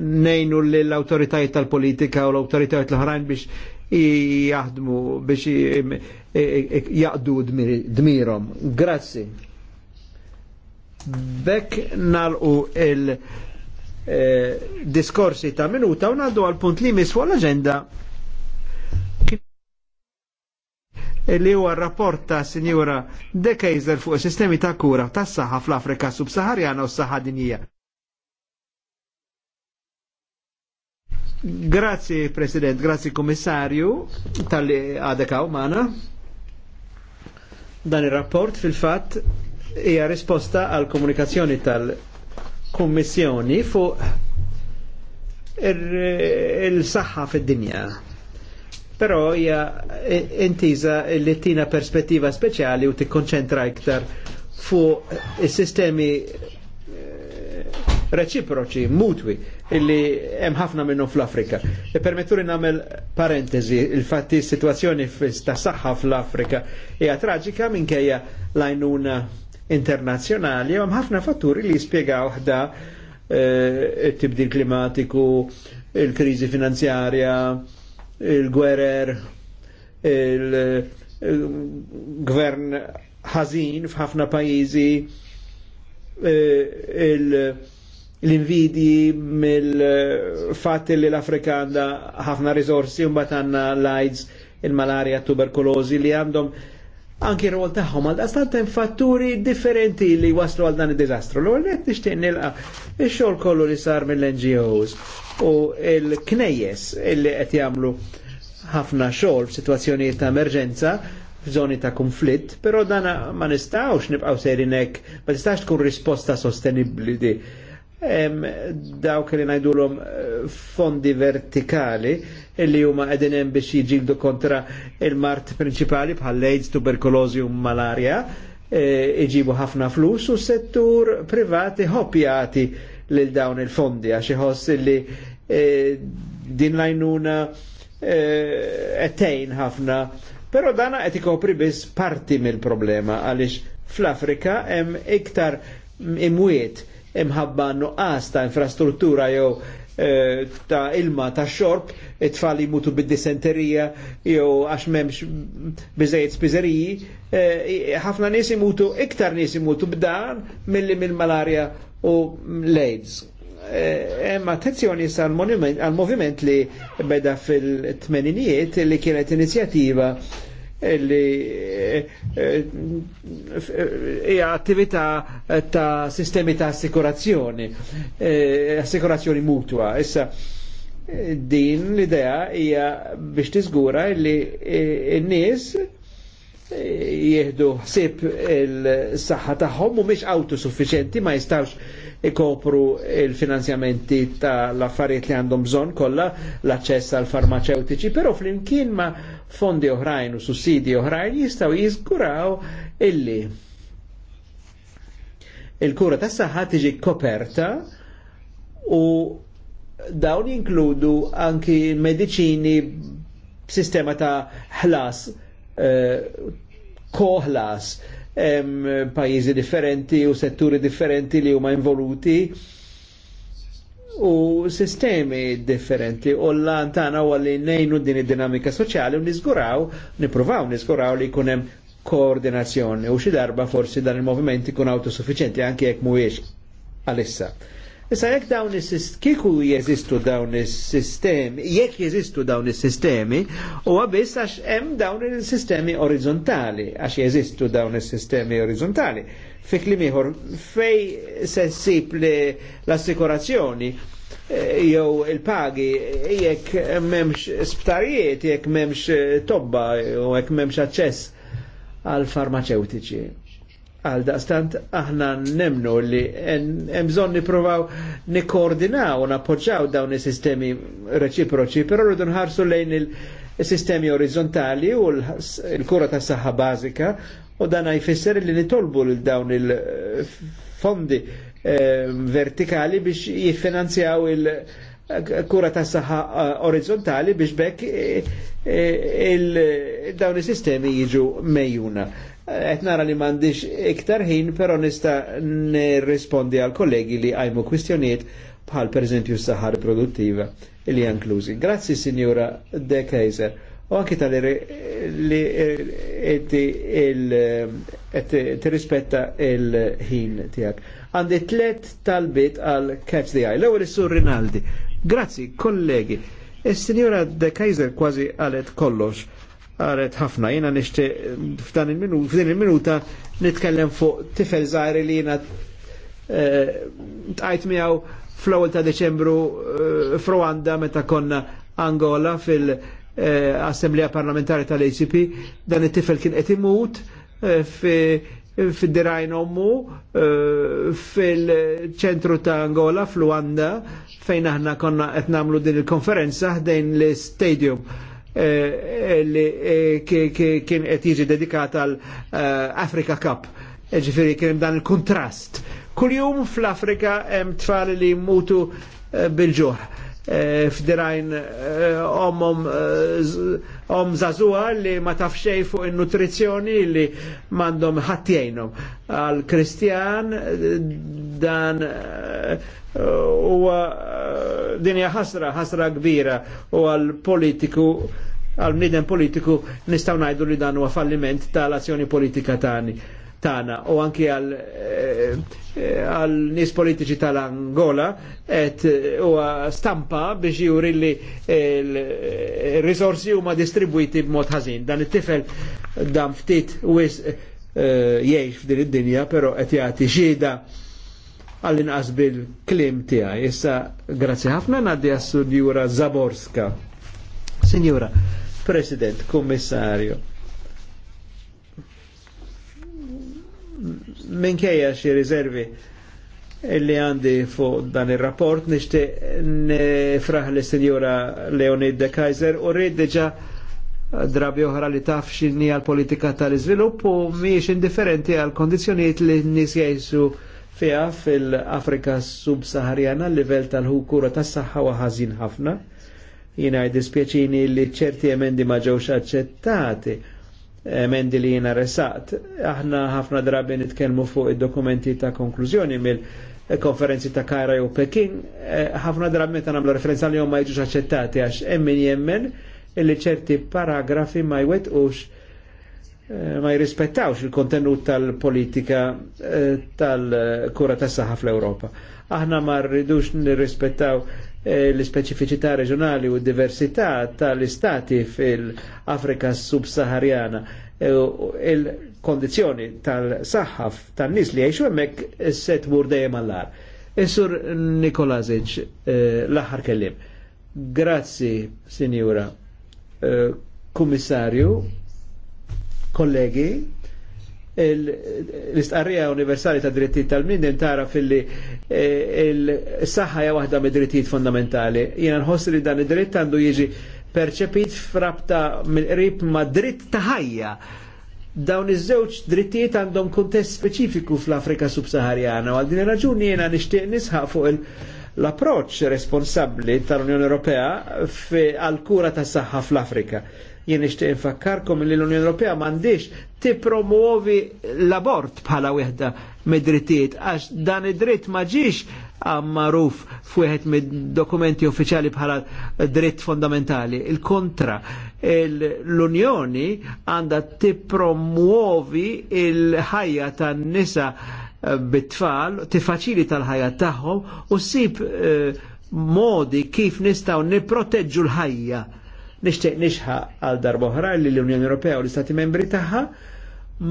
nejnu li l-autoritajiet tal-politika u l-autoritajiet l-ħrajn biex jaħdmu biex jaqdu dmirom. Grazzi. Bek nalqu il-diskorsi eh, ta' minuta u naddu għal-punt li mis l-agenda li huwa rapport ta' Sinjura De Kaiser fuq sistemi ta' kura tas-saħħa fl-Afrika subsaharjana u s-saħħa dinjija. Grazie President, grazie Commissario tal-li għadekaw mana. Dan il-rapport fil-fat hija risposta għal komunikazzjoni tal-Kummissjoni fu il-saħħa fid-dinja. Però hija intiża li tina perspettiva speċjali u tikkonċentra iktar fu il sistemi reċiproċi, mutwi, illi hemm ħafna minnhom fl-Afrika. E permetturi namel parentesi, il-fatti situazzjoni ta' saħħa fl-Afrika hija traġika minkejja lajnuna internazzjonali, hemm ħafna fatturi li jispjegaw ħda e, it-tibdil klimatiku, il-kriżi finanzjarja, il-gwerer, il-gvern ħażin f'ħafna pajjiżi, e, il l-invidi mill-fat li l-Afrika ħafna rizorsi un batanna l-AIDS, il-malaria, tuberkulozi li għandhom anki rol taħħom għal dastant fatturi differenti li waslu għal dan il-dizastru. L-għol net nishtiq nilqa il-xol kollu li sar mill-NGOs u il-knejjes li qed jagħmlu ħafna xogħol f'sitwazzjonijiet ta' emerġenza f'żoni ta' konflitt, però dan ma nistgħux nibqgħu sejrinek, ma tistax tkun risposta sostenibbli di dawk li najdulhom eh, fondi vertikali illi huma qegħdin hemm biex jiġildu kontra il-mart Principali bħal AIDS, tuberkulożi u malarja, eh, iġibu ħafna flus u settur privati hopjati lil dawn il-fondi għax iħoss illi eh, din lajnuna ettejn ħafna. Pero dana qed ikopri biss parti mill-problema għaliex fl-Afrika hemm iktar imwiet imħabba nuqqas ta' infrastruttura jew eh, ta' ilma ta' xorb, it-tfal jimutu bid-disenterija, jew għax memx bizajt spizeriji, eh, ħafna nis jimutu, iktar nies imutu b'dan mill mill-malarja u l-AIDS. Eh, Emma attenzjoni sa' għal-moviment li beda fil-tmeninijiet li kienet inizjativa li eh, eh, hija attività eh, ta' sistemi ta' assikurazzjoni, assikurazzjoni mutua. Issa din l-idea hija biex tiżgura li n-nies jieħdu ħsieb il-saħħa tagħhom mhumiex autosuffiċenti ma jistawx ikopru il-finanzjamenti l affarijiet li għandhom bżonn kollha l-aċċess għal farmaceutiċi, però flimkien ma' fondi oħrajn u sussidi oħrajn jistgħu jiżguraw illi il-kura tas-saħħa tiġi koperta u dawn jinkludu anki medicini sistema ta' ħlas, eh, koħlas, Eh, pajjiżi differenti u setturi differenti li huma involuti u sistemi differenti u l antana u għalli nejnu din id-dinamika soċjali u nizguraw, nipruvaw nizguraw li kunem koordinazzjoni u xi darba forsi dan il-movimenti kun anki anke jekk mhuwiex għalissa. Issa jekk dawn is kieku jeżistu dawn is-sistemi, jekk jeżistu dawn is-sistemi, huwa biss għax hemm dawn is-sistemi orizzontali, għax jeżistu dawn is-sistemi orizzontali. Fi klim ieħor fej se ssib l-assikurazzjoni eh, jew il-pagi jekk m'hemmx sptarijiet, jekk m'hemmx tobba, jew jekk m'hemmx aċċess għal farmaceutiċi. Għal daqstant aħna nemnu li emżon niprovaw nikoordinaw, nappoġġaw dawn is-sistemi reċiproċi, però rridu nħarsu lejn il-sistemi orizzontali u l-kura ta' saħħa bażika u dan jfisser li nitolbu l dawn il-fondi ehm, vertikali biex jiffinanzjaw il- kura ta' saħħa eh, orizzontali biex bekk eh, eh, dawn is-sistemi jiġu mejjuna. Et nara li m'għandix iktar ħin, pero nista' nirrispondi għal kollegi li għajmu kwistjoniet bħal eżempju s sahar produttiva li janklużi. Grazzi Signora De Kaiser. U anki tal li eh, eh, rispetta il-ħin tijak. Għandi tlet talbit għal Catch the Eye. L-ewwel sur Rinaldi. Grazzi, kollegi. Eh, Signora De Kaiser kważi għalet kollox għaret ħafna jena nishti f'dan il-minuta nitkellem fuq tifel zaħri li jena eh, tqajt miegħu fl-ewwel ta' Deċembru eh, f'Rwanda meta konna Angola fil-Assemblea eh, Parlamentari tal-ACP dan it-tifel kien qed imut fid-dirajn ommu fil-ċentru ta' Angola fl fejn aħna konna qed nagħmlu din il-konferenza ħdejn l-stadium Eh, li eh, kien qed jiġi dedikat għal eh, Africa Cup. E Ġifieri kien dan il-kontrast. Kuljum fl-Afrika hemm tfal li jmutu bil ġuħ Eh, f'dirajn eh, omom eh, om zazua li ma tafxej fuq il-nutrizzjoni li mandom ħattjajnom. Għal-Kristjan dan u dinja ħasra, ħasra kbira u għal-politiku għal-mniden politiku nistaw najdu li dan huwa falliment tal-azzjoni politika tani. Ta tana u anki għal eh, eh, għal nis politiċi tal-Angola et eh, u stampa biex juri li il-risorsi huma distribuiti b'mod ħażin. Dan it-tifel dan ftit wis jgħix f'din id-dinja, però qed jagħti xhieda għall-inqas bil-klim tiegħi. Issa grazzi ħafna ngħaddi għas-Sinjura Zaborska. Sinjura, President, Kummissarju minkejja xi riservi illi għandi fuq dan il-rapport nishti nifraħ li sinjura Leonid de Kaiser u rrid diġa drabi uħra li taf xinni għal-politika tal-izvilupp u miex indifferenti għal-kondizjoniet li nis jajsu fija fil-Afrika sub-Saharjana l-livell tal-ħukura tas-saħħa u ħażin ħafna. Jina dispjaċini li ċerti emendi maġawx aċċettati mendi li jina resat. Aħna ħafna drabi nitkellmu fuq id-dokumenti ta' konklużjoni mill-konferenzi ta' Kajra u Pekin, eh, ħafna drabi meta nagħmlu referenza li ma jiġux aċċettati għax emmin jemmen illi ċerti paragrafi ma jwetqux eh, ma jirrispettawx il-kontenut tal-politika eh, tal-kura tas saħħa fl-Ewropa. Aħna ma rridux nirrispettaw Eh, l speċifiċità reġjonali u diversità tal-istati fil-Afrika subsaharjana eh, il-kondizjoni tal-saħħaf tan-nies li jgħixu hemmhekk se tmur dejjem għall-ar. Isur eh, Nikolazic, l-aħħar kellim. Grazzi, Sinjura, Kummissarju, kollegi, l-istqarrija universali ta' drittijiet tal-bniedem tara filli eh, il-saħħa hija waħda mid-drittijiet fondamentali. Jiena nħoss li dan id-dritt għandu jiġi perċepit frabta mill-qrib ma' dritt ta' ħajja dawn iż-żewġ drittijiet għandhom kuntest speċifiku fl-Afrika subsaharjana u għal din raġuni jiena nixtieq nisħaq fuq l-approċċ responsabbli tal-Unjoni Ewropea għal kura tas saħħa fl-Afrika. Jien nixtieq infakkarkom li l-Unjoni Ewropea m'għandix tippromuovi l-abort bħala wieħda mid-drittijiet għax dan id-dritt ma ġiex maruf f'wieħed mid-dokumenti uffiċjali bħala dritt fondamentali. Il-kontra, l-Unjoni għandha tippromuovi il-ħajja tan-nisa eh, bit-tfal, tifaċili tal-ħajja tagħhom u sib eh, modi kif nistgħu nipproteġġu l-ħajja Nixtieq nixħa għal darboħra li l-Unjoni Ewropea u l-Istati Membri tagħha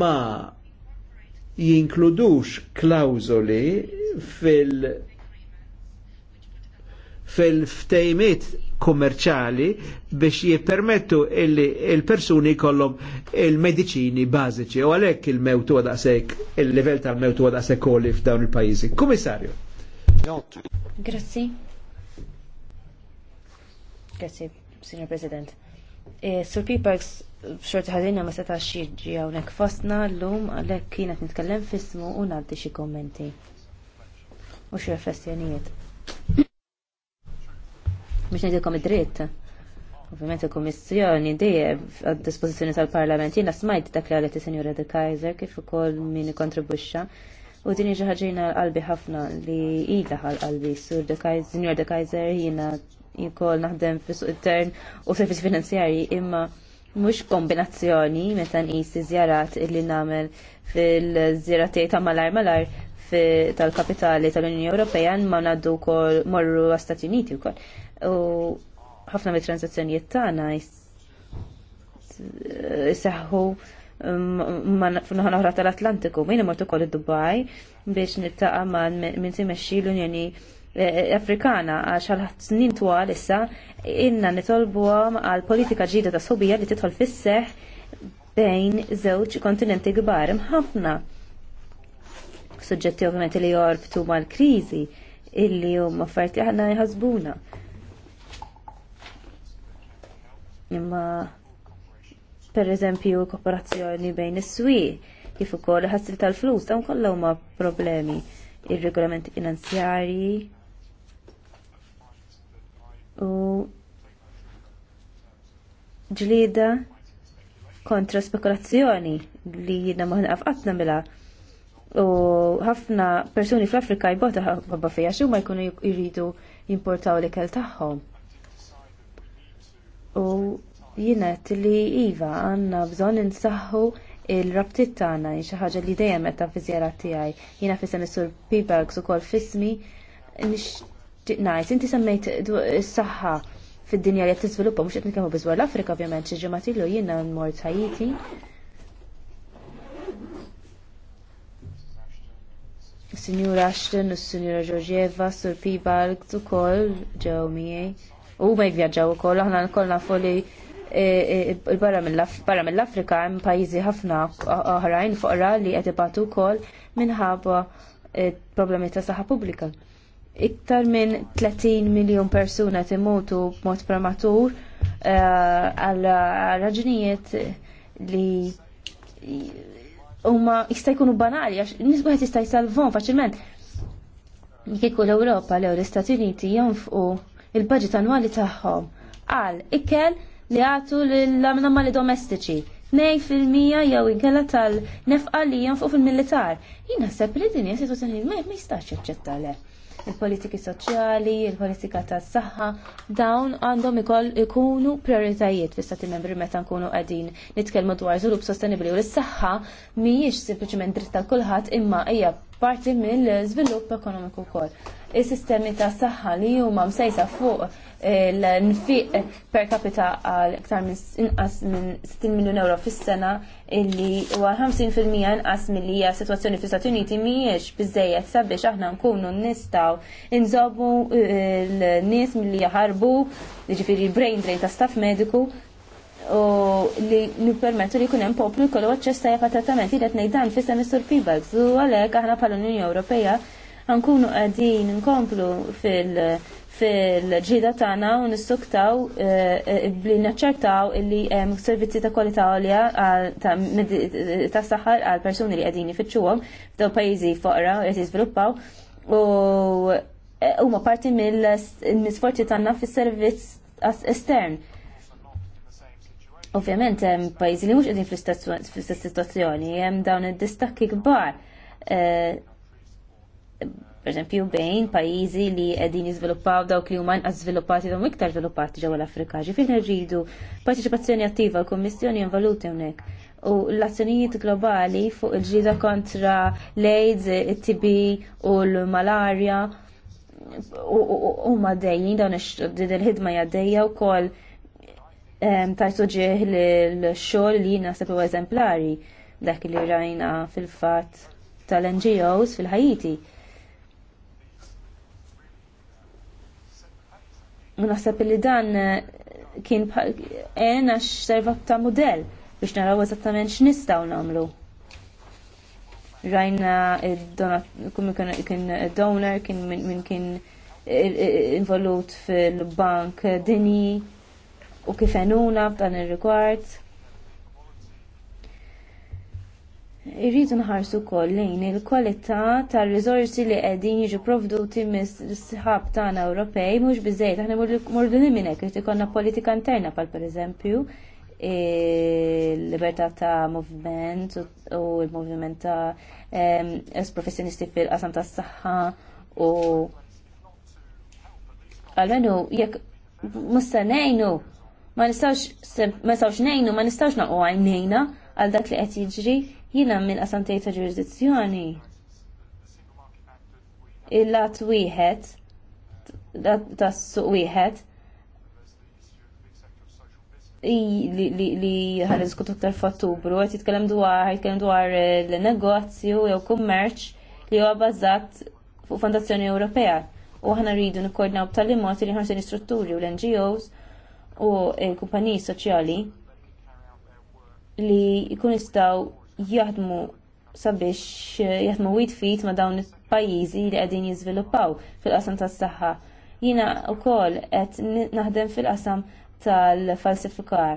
ma jinkludux klawżoli fil- fil-ftejmiet kommerċali biex jippermettu illi il-persuni kollom il-medicini bażiċi u għalhekk il-mewtu daqshekk il-livell tal-mewtu daqshekk koli f'dawn il-pajjiżi. Kummissarju. Grazzi. Grazzi Senior President. E, Sur Piperks, xorti ħadina ma setax xieġi għawnek fostna l-lum għalek kienet nitkellem fismu u naddi xie kommenti. U xie reflessjonijiet. Mux nidilkom id-dritt. Ovvijament il-Komissjoni dejjem għad-dispożizzjoni tal-Parlament jiena smajt dak li għalet il senjura De Kaiser kif ukoll min kontribwixxa U din iġa ħagġina qalbi ħafna li ħal qalbi sur Junior de Kaiser jina jikol naħdem fi suq intern u servizi finanzjari imma mhux kombinazzjoni meta nqisi zjarat li nagħmel fil-żjara ta' malar malar tal-kapitali tal-Unjoni Ewropea ma ngħaddu wkoll morru għas-Stati Uniti wkoll. U ħafna mit jittana tagħna jseħħu f'naħa oħra tal-Atlantiku, min imort ukoll id-Dubaj biex nittaqa' ma' minn timexxi l-Unjoni eh, eh, Afrikana għax għal snin twal issa inna nitolbuhom għal politika ġdida ta' sobija li tidħol fis-seħ bejn żewġ kontinenti kbar imħafna. Suġġetti ovvjament li jorbtu mal-kriżi illi huma offerti aħna jħasbuna. Imma pereżempju kooperazzjoni bejn is-swieq kif ukoll ħassib tal-flus dawn kollha huma problemi ir-regolamenti finanzjarji u ġlieda kontra spekulazzjoni li jidna maħna għafqatna mela u ħafna persuni fl-Afrika jbota ħabba fija xew ma jkunu jridu jimportaw l-ikel tagħhom. U jienet li iva għandna bżonn insaħħu il-rabtiet tagħna xi ħaġa li dejjem qed fi tiegħi. Jiena fisem is-sur Pibags ukoll fismi nixtieq ngħid inti semmejt is-saħħa fid-dinja li qed tiżviluppa mhux qed nitkellmu biżwar l-Afrika ovvjament xi ġimgħat ilu jiena mort Ħajiti. Signora Ashton, Signora Georgieva, Sur Pibalg, ukoll ġew miegħi. U ma jivjaġġaw ukoll, aħna nkollna foli barra mill-Afrika hemm pajjiżi ħafna oħrajn foqra li qed ibatu wkoll minħabba eh, problemi ta' saħħa pubblika. Iktar minn 30 miljun persuna timutu b'mod prematur eh, għal raġunijiet li huma jista' jkunu banali għax nisbu wieħed jista' jsalvhom faċilment. Kieku l-Ewropa l-Istati Uniti jonfqu il-budget annwali tagħhom għal ikel li għatu l li domestiċi. fil-mija jew inkella tal-nefqa li fuq fil-militar. Jien naħseb li din hija sitwazzjoni ma jistax jaċċetta le. Il-politiki soċjali, il-politika tas saħħa dawn għandhom ikoll ikunu prioritajiet fis stati membri meta nkunu għadin nitkellmu dwar żvilupp sostenibbli u l-saħħa mhijiex sempliċement dritt tal kulħadd imma hija parti mill-żvilupp ekonomiku wkoll is-sistemi ta' saħħa li huma msejsa fuq eh, l-nfiq per capita għal iktar minn inqas minn 60 miljun euro fis-sena illi huwa 50% inqas milli hija sitwazzjoni fl-Istati Uniti mhijiex biżejjed sabiex aħna nkunu nistgħu inżobbu eh, l-nies milli jaħarbu, jiġifieri brain drain ta' staff mediku u li nipermettu li hemm poplu jkollu aċċess tajja pa' trattamenti li ngħid dan fissa is feedbacks u għalhekk aħna pal unjoni Ewropea. Għankunu għadin nkomplu fil- fil-ġida tagħna u nistuktaw eh, eh, li naċċertaw illi hemm servizzi ta' kwalità għolja ta' saħħar għal persuni li qegħdin ifittxuhom f'daw pajjiżi foqra qed jiżviluppaw u eh, ma parti mill-isforzi tana fis-servizz estern. Ovvjament hemm pajjiżi li mhux qegħdin fl-istess situazzjoni, hemm dawn id-distakki kbar Pereżempju bejn pajjiżi li qegħdin jiżviluppaw dawk li huma inqas żviluppati dawn iktar żviluppati ġewwa l-Afrika. Ġifieri rridu partiċipazzjoni attiva l-Kummissjoni involuti hawnhekk u l-azzjonijiet globali fuq il-ġrida kontra l-AIDS, it-TB u l-malarja u dejjin dawn il-ħidma hija u kol tajtu ġieħ l-xol li nasib u eżemplari dak li rajna fil-fat tal-NGOs fil-ħajiti. fil fatt tal ngos fil fil fat tal ngos fil ħajiti U naħseb li dan eh, kien għen għax serva ta' model biex naraw eżattament x'nistgħu nagħmlu. Rajna kien donor kien minn kien eh, eh, involut fil-bank dini u kif għenuna f'dan ir-rigward. Irridu nħarsu wkoll lejn il-kwalità tar rizorsi li qegħdin jiġu provduti mis-sħab tagħna Ewropej mhux biżejjed aħna mordu minn hekk ikollna politika interna bħal pereżempju il-libertà ta' moviment u l movement ta' professjonisti fil-qasam tas-saħħa u għalmenu jekk musta nejnu ma nistawx ma nistawx nejnu ma nistawx naqgħu għajnejna għal dak li qed jiġri Jina minn qasantej ta' ġurisdizzjoni. Il-lat wieħed, tas suq wieħed, li ħarriz kutu ktar fattubru, għet jitkellem dwar, jitkellem dwar l-negozju jew kummerċ li huwa bazzat fuq Fondazzjoni Ewropea. U ħana rridu nikkoordinaw b'tali mod li ħarsin strutturi u l-NGOs u l-kumpaniji soċjali li jkun jistgħu jaħdmu sabiex eh, jaħdmu wid fit ma dawn il-pajjiżi li qegħdin jiżviluppaw fil-qasam tas-saħħa. Jiena wkoll qed naħdem fil-qasam tal-falsifikar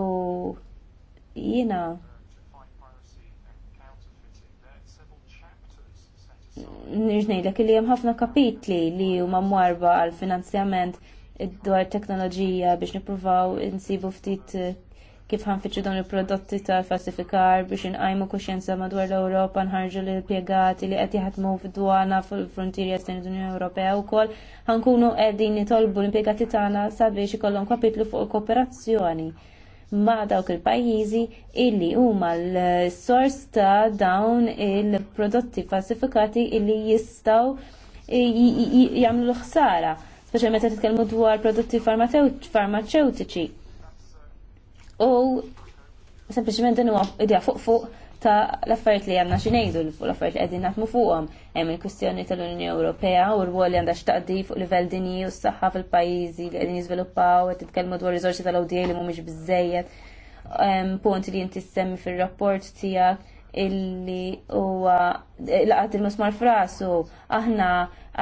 u jiena nirġnejdlek li hemm ħafna kapitli li huma mwarba għal finanzjament dwar teknoloġija biex nippruvaw insibu ftit eh, kif ħanfittxu dawn il-prodotti tal-falsifikar biex inqajmu kuxjenza madwar l-Ewropa nħarġu l impjegati li qed jaħdmu fid-dwana fil-frontieri esterni tal-Unjoni Ewropea wkoll ħankunu qegħdin nitolbu l-impjegati tagħna sabiex ikollhom kapitlu fuq kooperazzjoni ma' dawk il-pajjiżi illi huma l-sors ta' dawn il-prodotti falsifikati illi jistgħu jagħmlu l-ħsara, speċjalment qed titkellmu dwar prodotti farmaceutiċi u sempliciment dinu huwa idea fuq fuq ta' l-affarijiet li għandna xinejdu l-affarijiet li qegħdin naħdmu fuqhom. Hemm il-kwistjoni tal-Unjoni Ewropea u r-rwol li għandha x'taqdi fuq livell dinji u s-saħħa fil-pajjiżi li qegħdin jiżviluppaw qed titkellmu dwar riżorsi tal-ODA li mhumiex biżejjed. Punt li inti semmi fir-rapport tiegħek illi huwa laqat il-musmar frasu aħna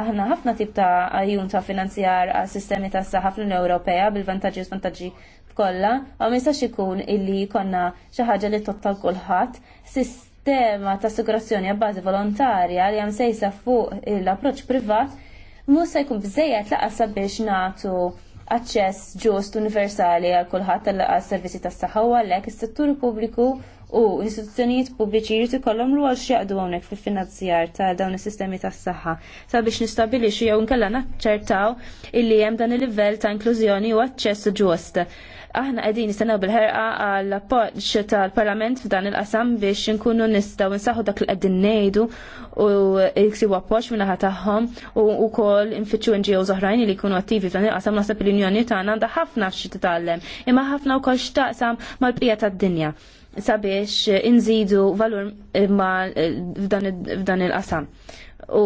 aħna ħafna tip ta' ajjun ta' finanzjar għas sistemi ta' saħħa fl-Unjoni Ewropea bil-vantaġġi u svantaġġi kollha, u ma jistax ikun illi konna xi ħaġa li tottal kulħadd sistema ta' assigurazzjoni għabbażi volontarja li hemm sejsa fuq l-approċċ privat mhux se jkun bżejjed laqas sabiex nagħtu aċċess ġust universali għal kulħadd għas servizzi tas-saħħa u għalhekk is-settur pubbliku u l-istituzzjonijiet pubbliċi jrid ikollhom rwol x'jaqdu hawnhekk fil-finanzjar ta' dawn is-sistemi tas-saħħa sabiex nistabilixxu jew nkella naċċertaw illi hemm dan il-livell ta' inklużjoni u aċċess ġust Aħna qegħdin nistennew bil-ħerqa għall appoġġ tal-Parlament f'dan il-qasam biex inkunu nistaw nsaħħu dak li qegħdin ngħidu u jksibu appoġġ min-naħa tagħhom u wkoll nfittxu NGOs oħrajn li jkunu attivi f'dan il-qasam naħseb l-Unjoni tagħna għandha ħafna f'xi t-tallem imma ħafna wkoll x'taqsam mal prija tad-dinja sabiex inżidu valur f'dan il-qasam. U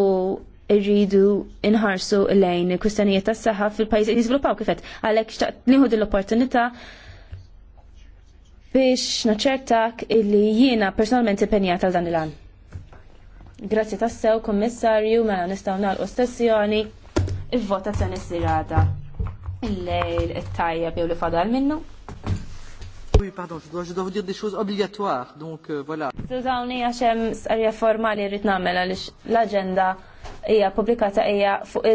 irridu inħarsu lejn kustanijiet tas saħħa fil-pajjiż li kif kifet. Għalhekk xtaqt nieħu l-opportunità biex naċertak illi jiena personalment għal dan il-għan. Grazzi tassew, kommissarju, mela nistgħu nagħlqu stessjoni il-votazzjoni s-sirata il-lejl it tajja jew li fadal minnu. Oui, pardon, je dois, je dois vous dire des choses obligatoires, donc euh, voilà. Sużawni għaxem s formali rrit namela l-agenda hija publikata hija fuq